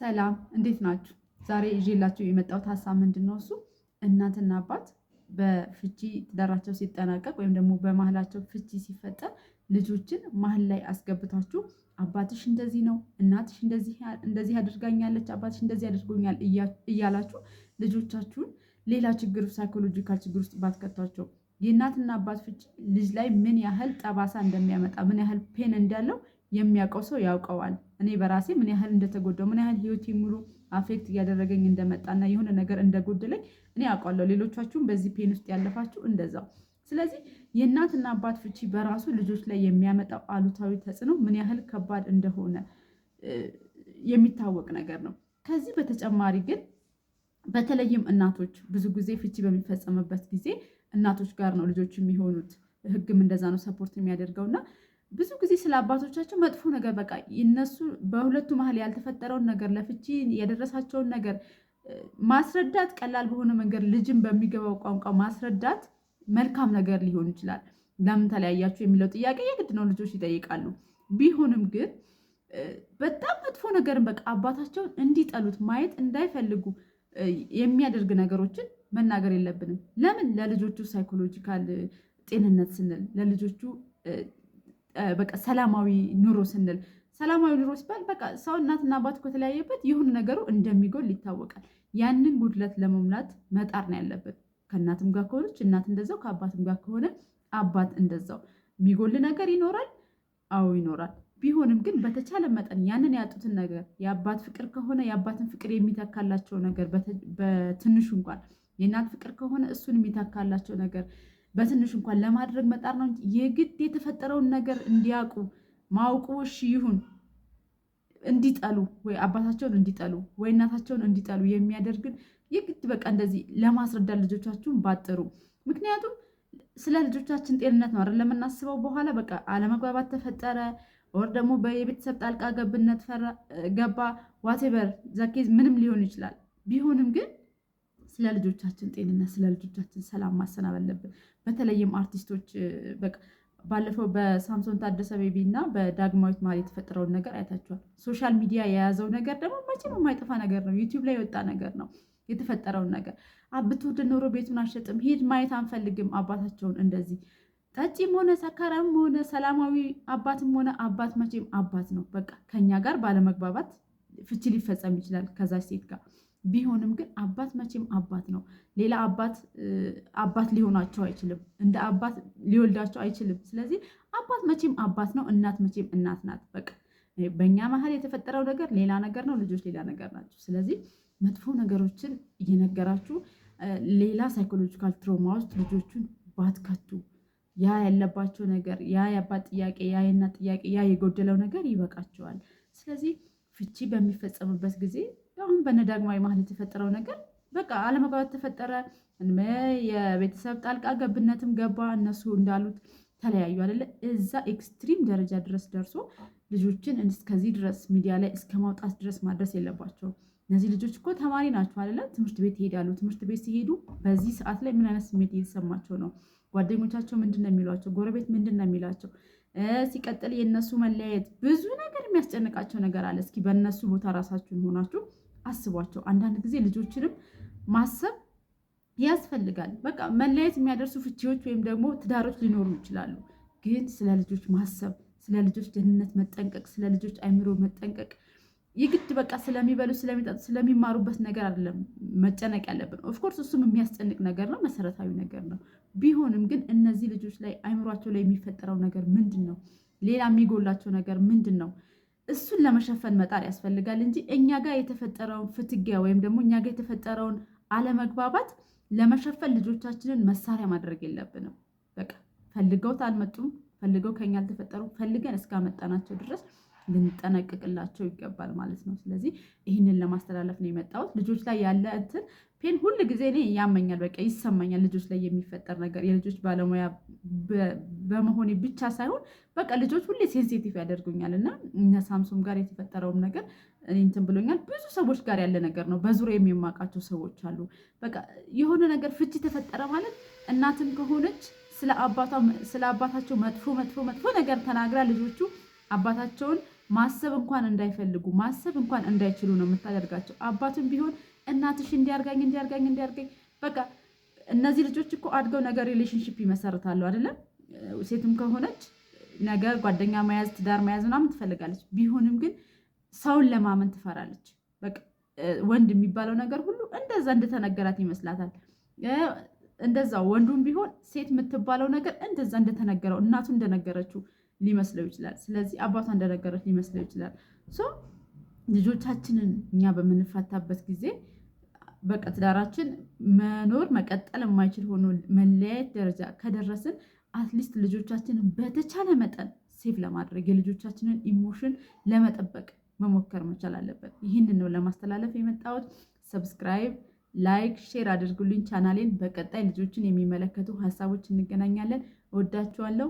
ሰላም እንዴት ናችሁ? ዛሬ ይዤላችሁ የመጣሁት ሀሳብ ምንድን ነው? እሱ እናትና አባት በፍቺ ትዳራቸው ሲጠናቀቅ ወይም ደግሞ በመሀላቸው ፍቺ ሲፈጠር ልጆችን መሀል ላይ አስገብታችሁ አባትሽ እንደዚህ ነው፣ እናትሽ እንደዚህ አድርጋኛለች፣ አባትሽ እንደዚህ አድርጎኛል እያላችሁ ልጆቻችሁን ሌላ ችግር፣ ሳይኮሎጂካል ችግር ውስጥ ባትከቷቸው የእናትና አባት ፍቺ ልጅ ላይ ምን ያህል ጠባሳ እንደሚያመጣ ምን ያህል ፔን እንዳለው የሚያውቀው ሰው ያውቀዋል። እኔ በራሴ ምን ያህል እንደተጎዳው ምን ያህል ህይወቴ ሙሉ አፌክት እያደረገኝ እንደመጣና የሆነ ነገር እንደጎደለኝ እኔ አውቃለሁ። ሌሎቻችሁም በዚህ ፔን ውስጥ ያለፋችሁ እንደዛው። ስለዚህ የእናትና አባት ፍቺ በራሱ ልጆች ላይ የሚያመጣው አሉታዊ ተጽዕኖ ምን ያህል ከባድ እንደሆነ የሚታወቅ ነገር ነው። ከዚህ በተጨማሪ ግን በተለይም እናቶች ብዙ ጊዜ ፍቺ በሚፈጸምበት ጊዜ እናቶች ጋር ነው ልጆች የሚሆኑት። ህግም እንደዛ ነው ሰፖርት የሚያደርገውና ብዙ ጊዜ ስለ አባቶቻቸው መጥፎ ነገር በቃ እነሱ በሁለቱ መሀል ያልተፈጠረውን ነገር ለፍቺ የደረሳቸውን ነገር ማስረዳት ቀላል በሆነ መንገድ ልጅን በሚገባው ቋንቋ ማስረዳት መልካም ነገር ሊሆን ይችላል። ለምን ተለያያችሁ የሚለው ጥያቄ የግድ ነው፣ ልጆች ይጠይቃሉ። ቢሆንም ግን በጣም መጥፎ ነገርን በቃ አባታቸውን እንዲጠሉት ማየት እንዳይፈልጉ የሚያደርግ ነገሮችን መናገር የለብንም። ለምን ለልጆቹ ሳይኮሎጂካል ጤንነት ስንል ለልጆቹ በቃ ሰላማዊ ኑሮ ስንል ሰላማዊ ኑሮ ሲባል በቃ ሰው እናትና አባት ከተለያየበት የሆነ ነገሩ እንደሚጎል ይታወቃል። ያንን ጉድለት ለመሙላት መጣር ነው ያለብን። ከእናትም ጋር ከሆነች እናት እንደዛው፣ ከአባትም ጋር ከሆነ አባት እንደዛው። የሚጎል ነገር ይኖራል፣ አዎ ይኖራል። ቢሆንም ግን በተቻለ መጠን ያንን ያጡትን ነገር የአባት ፍቅር ከሆነ የአባትን ፍቅር የሚተካላቸው ነገር በትንሹ እንኳን የእናት ፍቅር ከሆነ እሱን የሚተካላቸው ነገር በትንሽ እንኳን ለማድረግ መጣር ነው እንጂ የግድ የተፈጠረውን ነገር እንዲያውቁ ማውቁ እሺ ይሁን እንዲጠሉ ወይ አባታቸውን እንዲጠሉ ወይ እናታቸውን እንዲጠሉ የሚያደርግን የግድ በቃ እንደዚህ ለማስረዳት ልጆቻችሁን ባጥሩ። ምክንያቱም ስለ ልጆቻችን ጤንነት ነው አይደል ለምናስበው። በኋላ በቃ አለመግባባት ተፈጠረ ወር ደግሞ የቤተሰብ ጣልቃ ገብነት ገባ ዋቴቨር ዘኬዝ ምንም ሊሆን ይችላል። ቢሆንም ግን ስለ ልጆቻችን ጤንነት፣ ስለ ልጆቻችን ሰላም ማሰናብ አለብን። በተለይም አርቲስቶች ባለፈው በሳምሶን ታደሰ ቤቢ እና በዳግማዊት መሀል የተፈጠረውን ነገር አይታችኋል። ሶሻል ሚዲያ የያዘው ነገር ደግሞ መቼም የማይጠፋ ነገር ነው። ዩቲዩብ ላይ የወጣ ነገር ነው። የተፈጠረውን ነገር ብትወድ ኖሮ ቤቱን አሸጥም ሂድ ማየት አንፈልግም። አባታቸውን እንደዚህ ጠጪም ሆነ ሰካራም ሆነ ሰላማዊ አባትም ሆነ አባት መቼም አባት ነው። በቃ ከኛ ጋር ባለመግባባት ፍቺ ሊፈጸም ይችላል ከዛች ሴት ጋር ቢሆንም ግን አባት መቼም አባት ነው። ሌላ አባት አባት ሊሆናቸው አይችልም። እንደ አባት ሊወልዳቸው አይችልም። ስለዚህ አባት መቼም አባት ነው። እናት መቼም እናት ናት። በቃ በእኛ መሀል የተፈጠረው ነገር ሌላ ነገር ነው። ልጆች ሌላ ነገር ናቸው። ስለዚህ መጥፎ ነገሮችን እየነገራችሁ ሌላ ሳይኮሎጂካል ትሮማ ውስጥ ልጆቹን ባትከቱ። ያ ያለባቸው ነገር ያ የአባት ጥያቄ ያ የእናት ጥያቄ ያ የጎደለው ነገር ይበቃቸዋል። ስለዚህ ፍቺ በሚፈጸምበት ጊዜ አሁን በነዳግማዊ ማህሌት የተፈጠረው ነገር በቃ አለመግባባት ተፈጠረ። የቤተሰብ ጣልቃ ገብነትም ገባ። እነሱ እንዳሉት ተለያዩ አይደለ? እዛ ኤክስትሪም ደረጃ ድረስ ደርሶ ልጆችን እስከዚህ ድረስ ሚዲያ ላይ እስከ ማውጣት ድረስ ማድረስ የለባቸው። እነዚህ ልጆች እኮ ተማሪ ናቸው አይደለ? ትምህርት ቤት ይሄዳሉ። ትምህርት ቤት ሲሄዱ በዚህ ሰዓት ላይ ምን አይነት ስሜት እየተሰማቸው ነው? ጓደኞቻቸው ምንድን ነው የሚሏቸው? ጎረቤት ምንድን ነው የሚሏቸው? ሲቀጥል የእነሱ መለያየት፣ ብዙ ነገር የሚያስጨንቃቸው ነገር አለ። እስኪ በእነሱ ቦታ ራሳችሁን ሆናችሁ አስቧቸው። አንዳንድ ጊዜ ልጆችንም ማሰብ ያስፈልጋል። በቃ መለያየት የሚያደርሱ ፍቺዎች ወይም ደግሞ ትዳሮች ሊኖሩ ይችላሉ። ግን ስለ ልጆች ማሰብ፣ ስለ ልጆች ደህንነት መጠንቀቅ፣ ስለ ልጆች አይምሮ መጠንቀቅ የግድ በቃ ስለሚበሉ ስለሚጠጡ ስለሚማሩበት ነገር አይደለም መጨነቅ ያለብን። ኦፍኮርስ እሱም የሚያስጨንቅ ነገር ነው፣ መሰረታዊ ነገር ነው። ቢሆንም ግን እነዚህ ልጆች ላይ አይምሯቸው ላይ የሚፈጠረው ነገር ምንድን ነው? ሌላ የሚጎላቸው ነገር ምንድን ነው? እሱን ለመሸፈን መጣር ያስፈልጋል እንጂ እኛ ጋር የተፈጠረውን ፍትጊያ ወይም ደግሞ እኛ ጋር የተፈጠረውን አለመግባባት ለመሸፈን ልጆቻችንን መሳሪያ ማድረግ የለብንም። በቃ ፈልገውት አልመጡም፣ ፈልገው ከኛ አልተፈጠሩም፣ ፈልገን እስካመጣናቸው ድረስ ልንጠነቅቅላቸው ይገባል ማለት ነው። ስለዚህ ይህንን ለማስተላለፍ ነው የመጣሁት። ልጆች ላይ ያለ እንትን ፔን ሁል ጊዜ እኔ ያመኛል፣ በቃ ይሰማኛል። ልጆች ላይ የሚፈጠር ነገር የልጆች ባለሙያ በመሆኔ ብቻ ሳይሆን በቃ ልጆች ሁሌ ሴንሲቲቭ ያደርጉኛል እና እነ ሳምሶን ጋር የተፈጠረውም ነገር እንትን ብሎኛል። ብዙ ሰዎች ጋር ያለ ነገር ነው። በዙሪያ የሚማቃቸው ሰዎች አሉ። በቃ የሆነ ነገር ፍቺ ተፈጠረ ማለት እናትም ከሆነች ስለ አባታቸው መጥፎ መጥፎ መጥፎ ነገር ተናግራ ልጆቹ አባታቸውን ማሰብ እንኳን እንዳይፈልጉ ማሰብ እንኳን እንዳይችሉ ነው የምታደርጋቸው። አባትም ቢሆን እናትሽ እንዲያርጋኝ እንዲያርጋኝ እንዲያርጋኝ በቃ እነዚህ ልጆች እኮ አድገው ነገር ሪሌሽንሽፕ ይመሰርታሉ አይደለም። ሴትም ከሆነች ነገ ጓደኛ መያዝ ትዳር መያዝ ምናምን ትፈልጋለች። ቢሆንም ግን ሰውን ለማመን ትፈራለች። በቃ ወንድ የሚባለው ነገር ሁሉ እንደዛ እንደተነገራት ይመስላታል። እንደዛ ወንዱም ቢሆን ሴት የምትባለው ነገር እንደዛ እንደተነገረው እናቱ እንደነገረችው ሊመስለው ይችላል። ስለዚህ አባቷ እንደነገረች ሊመስለው ይችላል። ልጆቻችንን እኛ በምንፈታበት ጊዜ በቃ ትዳራችን መኖር መቀጠል የማይችል ሆኖ መለያየት ደረጃ ከደረስን አትሊስት ልጆቻችንን በተቻለ መጠን ሴቭ ለማድረግ የልጆቻችንን ኢሞሽን ለመጠበቅ መሞከር መቻል አለበት። ይህንን ነው ለማስተላለፍ የመጣሁት። ሰብስክራይብ፣ ላይክ፣ ሼር አድርጉልኝ ቻናሌን። በቀጣይ ልጆችን የሚመለከቱ ሀሳቦች እንገናኛለን። እወዳችኋለሁ።